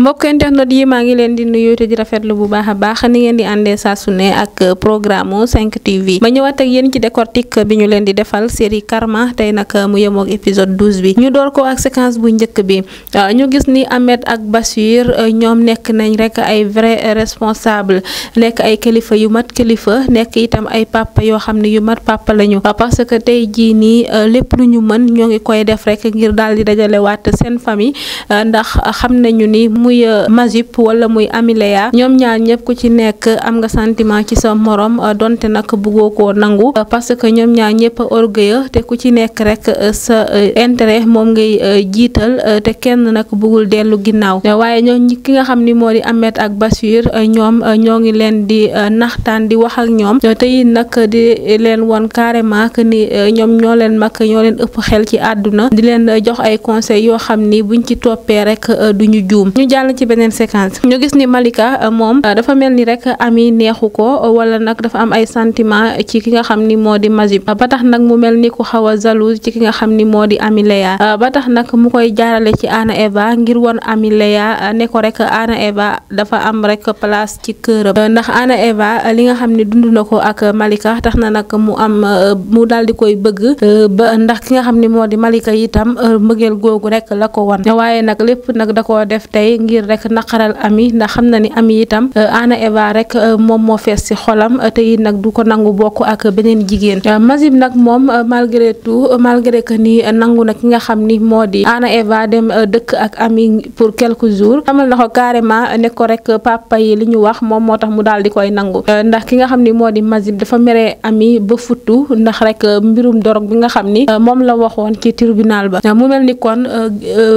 mbokk internet yi maa ngi len di nuyu te di rafetlu bu baakha a baax ni ngeen di ande sa su ak programme 5 TV ma ñëwaat ak yeen ci décortique bi ñu len di defal série Karma tay nak mu yemoog épisode 12 bi ñu door ko ak séquence bu ñëkk bi ah, ñu gis ni Ahmed ak Bassir ah, ñom nek nañ rek ay vrai responsable nek ay kalifa yu mat kalifa nek itam ay papa yo xamni yu mat papa lañu ah, parce que tay nyongi ni lepp lu ñu mën ñoo ngi koy def rek ngir dal di wat seen famille ndax xamnañu ni mu muy euh, Majib wala muy Amileya ñoom ñaar ñëpp ku ci nekk am nga sentiment ci sa morom euh, donte nag bëggoo koo nangu euh, parce que ñoom ñaar ñëpp orgueilleux te ku ci nekk rek sa intérêt moom ngay jiital te kenn nag bëggul dellu ginnaaw waaye ñoo ki nga xam ni moo di Ahmed ak Bachir ñoom ñoo ngi leen di naxtaan di wax ak ñoom te it nag di leen woon carrément que ni ñoom ñoo leen mag ñoo leen ëpp xel ci àdduna di leen jox ay conseils yoo xam ni buñ ci toppee rek duñu juum jàll ci beneen séquence ñu gis ni Malika euh, moom euh, dafa mel ni rek ami neexu ko wala nag dafa am ay sentiment ci ki nga xam ni moo di Majib ba tax nag mu mel ni ku xaw a jalouse ci ki nga xam ni moo di Ami euh, ba tax nag mu koy jaarale ci Anna Eva ngir woon Ami Leya ne ko rek Anna Eva dafa am rek place ci këram ndax Anna Eva li nga xam ni dund na ko ak Malika tax na nag mu am mu daal di koy bëgg ba ndax ki nga xam ni moo di Malika itam mbëggeel googu rek la ko wan waaye nag lépp nag da koo def tey ngir rek naqaral ami ndax xam na ni ami itam euh, Anna Eva rek euh, moom moo fees ci xolam euh, te it nag du ko nangu bokk ak beneen jigéen Mazib nag moom malgré tout malgré que ni nangu na ki nga xam ni moo di Anna Eva dem dëkk ak ami pour quelques jours xamal na ko carrément ne rek papa li ñu wax moom moo tax mu daal di koy nangu ndax ki nga xam ni moo di Mazib dafa mere ami ba futtu ndax rek mbirum dorog bi nga xam ni moom la waxoon ci tribunal ba mu mel ni kon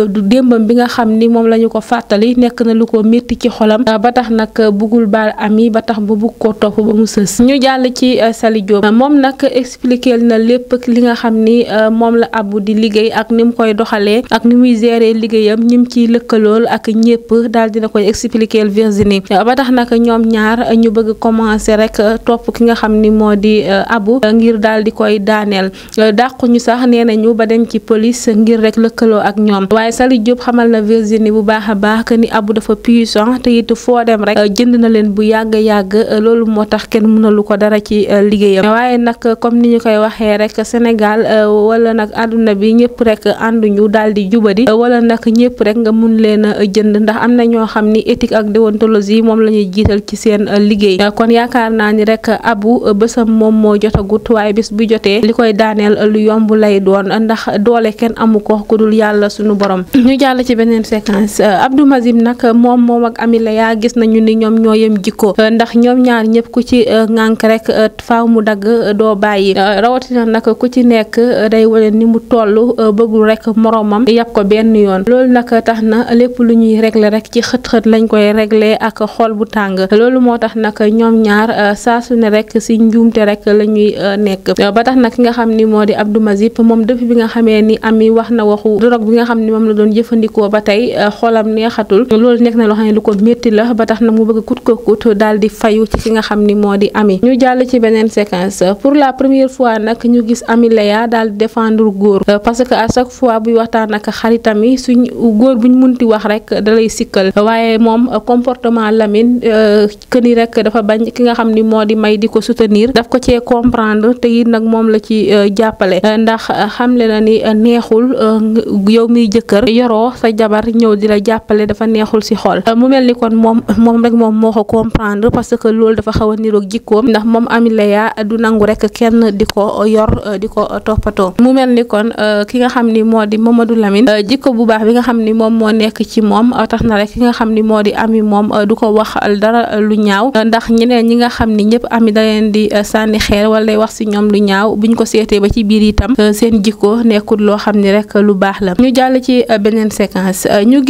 du démbam bi nga xam ni moom lañu ko fàtt mottali nekk na lu ko métti ci xolam ah, ba tax nag euh, bëggul baal am yi ba tax ba bëgg koo topp ba mu sës ñu jàll ci euh, Sali Diop ah, moom nag expliqué na lépp li nga xam ni euh, moom la abu di liggéey ak ni mu koy doxalee ak ni muy gérer liggéeyam ñim ciy lëkkalool ak ñëpp daal dina koy expliqué Virginie ah, ba tax nag ñoom ñaar ñu bëgg commencé rek topp ki nga xam ni moo di abu ngir daal di koy daaneel dàqu sax nee nañu ba dem ci police ngir rek lëkkaloo ak ñoom waaye Sali Diop baax que ni Abou dafa puissant te foo dem rek euh, jënd na leen bu yàgg yàgg euh, loolu moo tax kenn mënalu ko dara ci euh, liggéeyam waaye nag comme ni ñu koy waxee rek Sénégal wala nag àdduna bi ñëpp rek ànduñu daal di jubadi wala nag ñëpp rek nga mun leen a jënd ndax am na ñoo xam ni éthique ak déontologie moom la ñuy jiital ci seen liggéey kon yaakaar naa ni rek abu bësam moom moo jotagut waaye bés bu jotee li koy daaneel lu yomb lay doon ndax doole kenn amu ko Mazim nag moom moom ak Amy Léa gis nañu ni ñoom ñoo yem jikko ndax ñoom ñaar ñëpp ku ci eh, ŋànk rek eh, faaw mu dagg eh, doo bàyyi rawatina nag ku ci nekk day wane ni mu toll bëggul rek moroomam yàpp ko benn yoon loolu nag tax na lépp lu ñuy régler rek ci xët-xët lañ koy régler ak xol bu tàng loolu moo tax nag ñoom ñaar saa ne rek si njuumte rek la ñuy nekk ba tax nag ki nga xam ni moo di Abdou Mazib moom depuis bi nga xamee ni Amy wax na waxu drogue bi nga neexatul loolu nekk na loo xam ne lu ko métti la ba tax na mu bëgg kut ko kut daal di fayu ci ki nga xam ni moo di ami ñu jàll ci beneen séquence pour la première fois nag ñu gis ami Leya daal di góor parce que à chaque fois buy waxtaan ak xaritam yi góor buñ munti wax rek da lay sikkal waaye moom comportement Lamine këni euh, rek dafa bañ ki nga xam ni moo di may di ko soutenir daf ko cee comprendre te it nag moom la ci euh, jàppale ndax xamle na ni euh, neexul yow miy jëkkër yoroo dafa neexul si xol mu mel ni kon moom moom rek moom moo ko comprendre parce que loolu dafa xaw a niroog jikkoom ndax moom Amy Léa du nangu rek kenn di ko yor di ko toppatoo mu mel ni kon euh, ki nga xam ni moo di Mamadou Lamine euh, jikko bu baax bi nga xam ni moom moo nekk ci moom euh, tax na rek ki nga xam ni moo di Amy moom du ko wax dara lu ñaaw ndax ñeneen ñi nga xam ni ñëpp ami da leen di sànni xeer wala wax si ñoom lu ñaaw buñ ko seetee ba ci biir itam seen jikko nekkul loo xam ni rek lu baax la ñu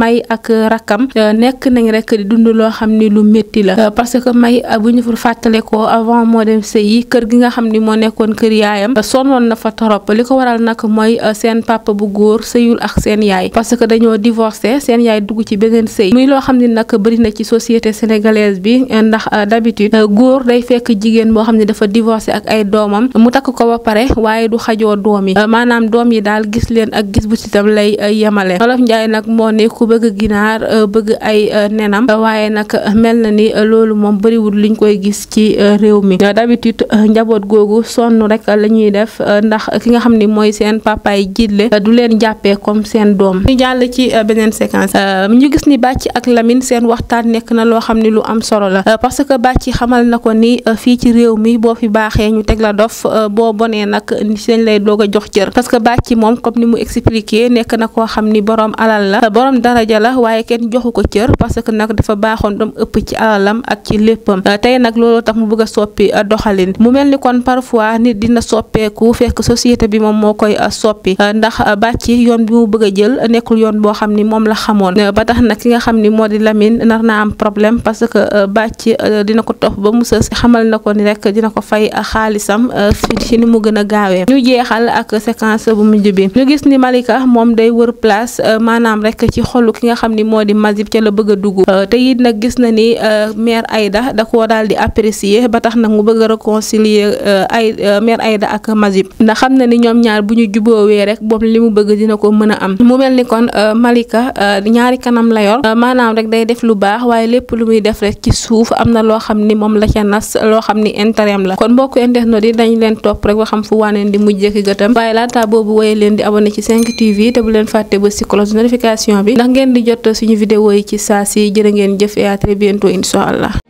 may ak rakkam euh, nekk nañ rek di dund loo xam ni lu métti la euh, parce que may bu ñu fàttale ko avant moo dem sëyi kër gi nga xam ni moo nekkoon kër yaayam sonnoon na fa torop li ko waral nag mooy euh, seen papa bu góor sëyul ak seen yaay parce que dañoo divorcé seen yaay dugg ci beneen sëy muy loo xam ni nag bëri na ci société sénégalaise bi ndax d'habitude góor day fekk jigéen boo xam ne dafa divorcé ak ay doomam mu takk ko ba pare waaye du xajoo doom yi maanaam doom yi daal gis leen ak gis bu ci lay yemale bëgg ginaar euh, bëgg ay euh, nenam waaye nag euh, mel na ni loolu moom bëriwul liñ koy gis ci réew mi d'habitude njaboot googu sonn rek la ñuy def ndax ki nga xam ni mooy seen papa yi jiitle du leen jàppee comme seen doom ñu jàll ci beneen séquence ñu gis ni Bathie ak Lamine seen waxtaan nekk na loo xam ni lu am solo la parce que Bathie xamal na ko ni fii ci réew mi boo fi baaxee ñu teg la dof boo bonee nag seen lay doog a jox cër parce que Bathie moom comme ni mu expliqué nekk na koo xam ni borom daraja la waaye kenn joxu ko cër parce que nag dafa baaxoon dam ëpp ci alalam ak ci léppam ah, tey nag looloo tax mu bëgg a soppi ah, doxalin mu mel ni kon parfois nit dina soppeeku fekk société bi moom moo koy ah, soppi ndax bàcci yoon bi mu bëgg a jël nekkul yoon boo xam ni moom la xamoon ba tax nag ki nga xam ni moo di Lamine nar na am problème parce que bàcci dina ko topp ba mu sës xamal na ko ni rek dina ko fay xaalisam ci ni mu gën a ñu jeexal ak séquence xolu ki nga xam ni moo di Mazib ca la bëgg a dugg euh, te it nag gis na ni euh, maire Aïda da ko daal di apprécier ba tax nag mu bëgg a réconcilier euh, ay maire Aïda ak Mazib ndax xam na ni ñoom ñaar bu ñu juboowee rek boobu li mu bëgg dina ko mën a am mu mel ni kon Malika ñaari kanam la yor maanaam rek day def lu baax waaye lépp lu muy def rek ci suuf am na loo xam ni moom la ca nas loo xam ni intérêt am la kon mbokk internet yi dañ leen topp rek ba xam fu waaneen di mujjee ki ngeen di jot suñu vidéo yi ci saa si jërë ngeen jëf et à très bientôt allah.